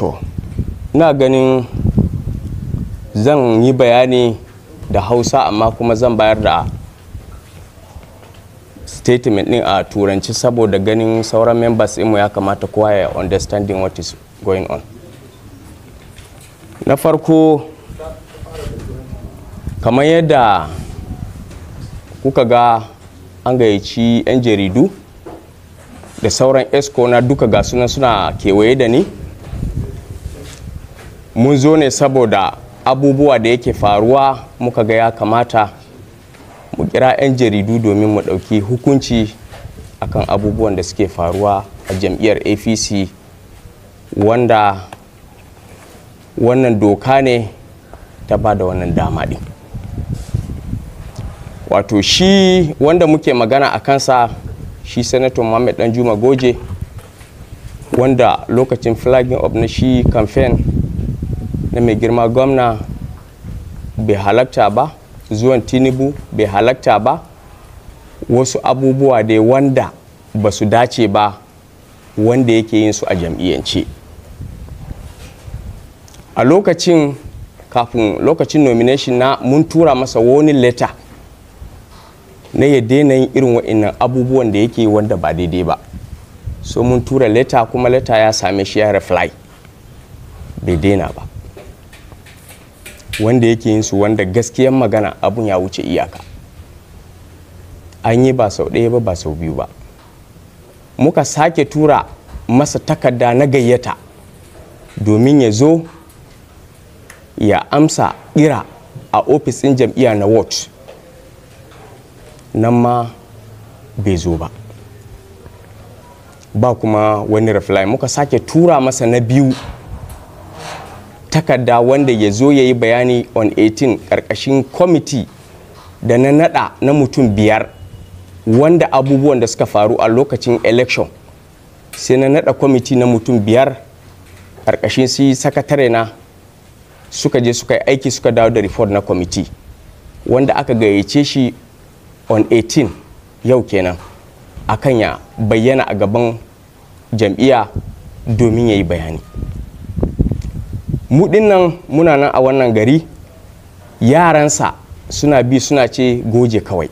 to na ganin zan yi bayani da hausa amma kuma zan bayar da statement ɗin a turanci saboda ganin sauran members imu ya kamata kowa ya understanding what is going on na farko kamar yadda kuka ga an gayyaci 'yan jaridu da sauran esco na duka ga suna kewaye da ni mun zo ne saboda abubuwa da yake faruwa muka ga ya kamata mu kira 'yan jaridu domin mu ɗauki hukunci akan abubuwan da suke faruwa a jam'iyyar apc wanda wannan doka ne ta ba da wannan dama ɗin wato shi wanda muke magana a kansa shi sanato mohammed danjuma goje wanda lokacin flagging up na shi campaign na mai girma gwamna bai halakta ba zuwan tinubu bai halakta ba wasu abubuwa da wanda ba su dace ba wanda yake yin su a jam'iyyance a lokacin kafin lokacin nomination na mun tura masa wani leta na ya daina yin irin wa'annan abubuwan da yake wanda ba daidai ba so mun tura leta kuma leta ya same shi ya reply bai daina ba wanda yake yin su wanda gaskiyan magana abun ya wuce iyaka an yi ba sau ɗaya ba ba sau biyu ba muka sake tura masa takarda na gayyata domin ya zo ya amsa ira a ofis ɗin jam'iyya na watch nan ma bai zo ba ba kuma wani reply muka sake tura masa na biyu takarda wanda ya zo ya yi bayani on 18 karkashin kwamiti da na nada na mutum biyar wanda abubuwan da suka faru a lokacin election sai na nada kwamiti na mutum biyar karkashin su yi sakatare na suka je suka yi aiki suka dawo da report na kwamiti wanda aka gayyace shi on 18 yau kenan akan ya bayyana a gaban jam'iyya domin ya yi bayani mu dinnan muna nan a wannan gari yaransa suna bi suna ce goje kawai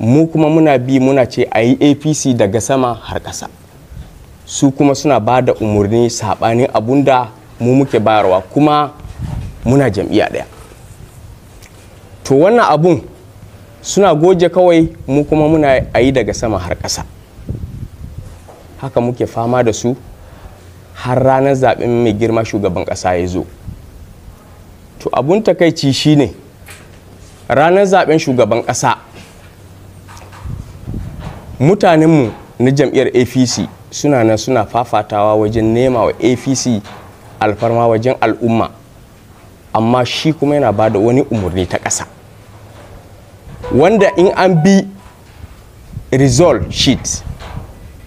mu kuma muna bi muna ce a yi apc daga sama har ƙasa su kuma suna ba da umarni saɓanin abun da mu muke bayarwa kuma muna jam'iyya ɗaya to wannan abun suna goje kawai mu kuma muna a yi daga sama har ƙasa haka muke fama da su har ranar zaɓen mai girma shugaban kasa ya zo to abun takaici shine ranar zaben shugaban ƙasa mutanenmu na jam'iyyar apc suna nan suna fafatawa wajen nema wa apc alfarma wajen al'umma amma shi kuma yana bada wani umarni ta ƙasa wanda in an bi result sheet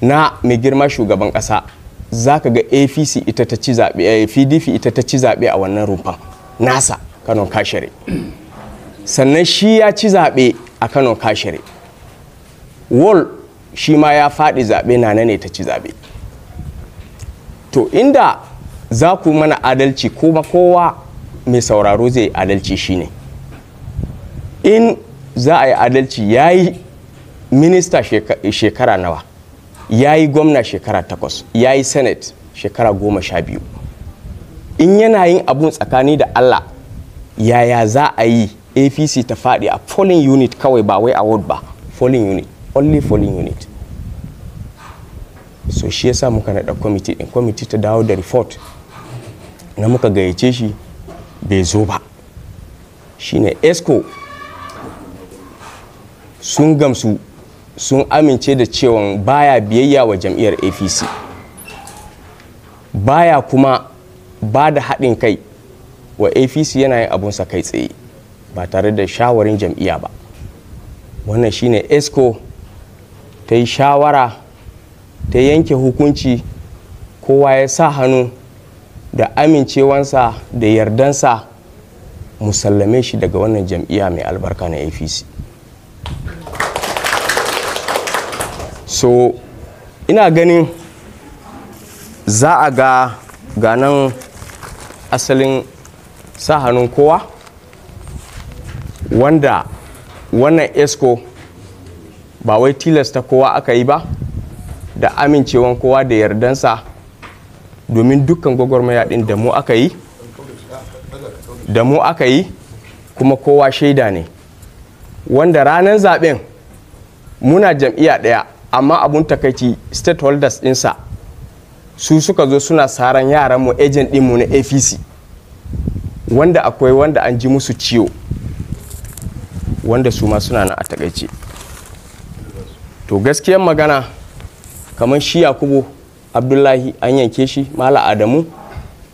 na mai girma shugaban ƙasa za ka ga apc ita ta ci zaɓe pdp eh, ita ta ci zaɓe a wannan rumfan nasa kanon kashere sannan shi ya ci zaɓe a kanon kashere wall shi ma ya faɗi zaɓe na ne ta ci zaɓe to inda za ku mana adalci kuma kowa mai sauraro zai adalci shine in za a yi adalci ya yi minista shekara nawa ya yi gwamna shekara takwas ya yi senate shekara goma sha biyu in yana yin abun tsakani da allah yaya za a yi apc ta faɗi a polling unit kawai ba wai a ward ba polling unit only polling unit so shi yasa muka naɗa kwamiti ɗin kwamiti ta dawo da report na muka gayyace shi bai zo ba shine esco sun gamsu sun amince da cewa baya biyayya wa jam'iyyar apc baya kuma ba da haɗin kai wa apc yana yin sa kai tsaye ba tare da shawarin jam'iyya ba wannan shine esco ta yi shawara ta yanke hukunci kowa ya sa hannu da amincewansa da yardansa musallame shi daga wannan jam'iyya mai albarka na apc so ina ganin za a ga ganan asalin sa hannun kowa wanda wannan esco ba wai tilasta kowa aka yi ba da amincewan kowa da yardansa domin dukkan gwagwarmaya din da mu aka yi da mu aka yi kuma kowa shaida ne wanda ranar zaben muna jam'iyya ɗaya amma abun takaici holders insa su suka zo suna saran yaran mu agent ɗinmu na apc wanda akwai wanda an ji musu ciwo wanda su ma suna nan a takaici to gaskiyar magana kamar shi yakubu abdullahi an yanke shi mala adamu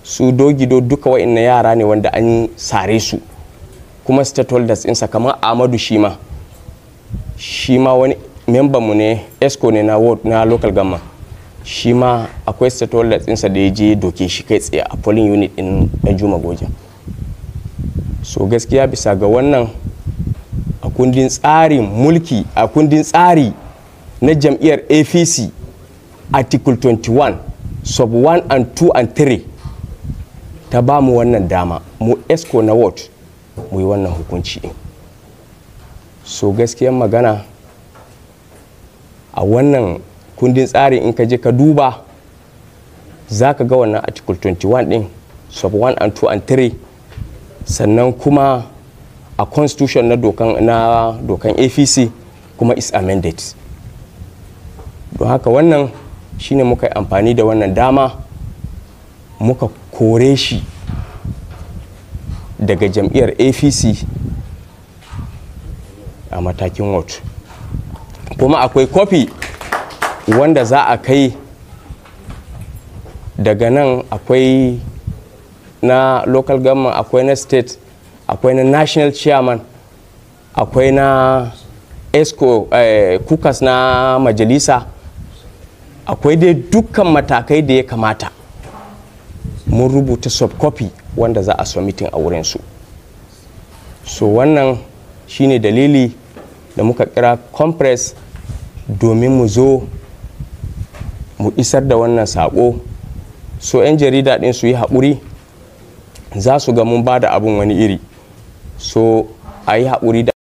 su dogido duka wa'in yara ne wanda an sare su kuma holders insa kamar amadu Shima, Shima wani memba mu ne esco ne na ward na local gama shi ma akwai stakeholders sa da ya je doke shi kai tsaye a polling unit din juma goja so gaskiya bisa ga wannan a kundin tsarin mulki a kundin tsari na jam'iyyar apc article 21 sub 1 and 2 and 3 ta ba mu wannan dama mu esco na ward mu yi wannan hukunci so gaskiyar magana a wannan kundin tsarin in ka je ka duba za ka ga wannan article 21 din sub 1 and 2 and 3 sannan kuma a constitution na dokan na dokan apc kuma is amended don haka wannan shine muka yi amfani da wannan dama muka kore shi daga jam'iyyar apc a matakin wato kuma akwai kofi wanda za a kai daga nan akwai na local government akwai na state akwai na national chairman akwai na esco eh, kukas na majalisa akwai dai dukkan matakai da ya kamata mun rubuta subcopy wanda za a submitting a wurinsu so wannan shine dalili da muka kira compress domin mu zo mu isar da wannan sako, so 'yan jarida ɗin su yi haƙuri za su ga mun ba da abin wani iri so a yi haƙuri da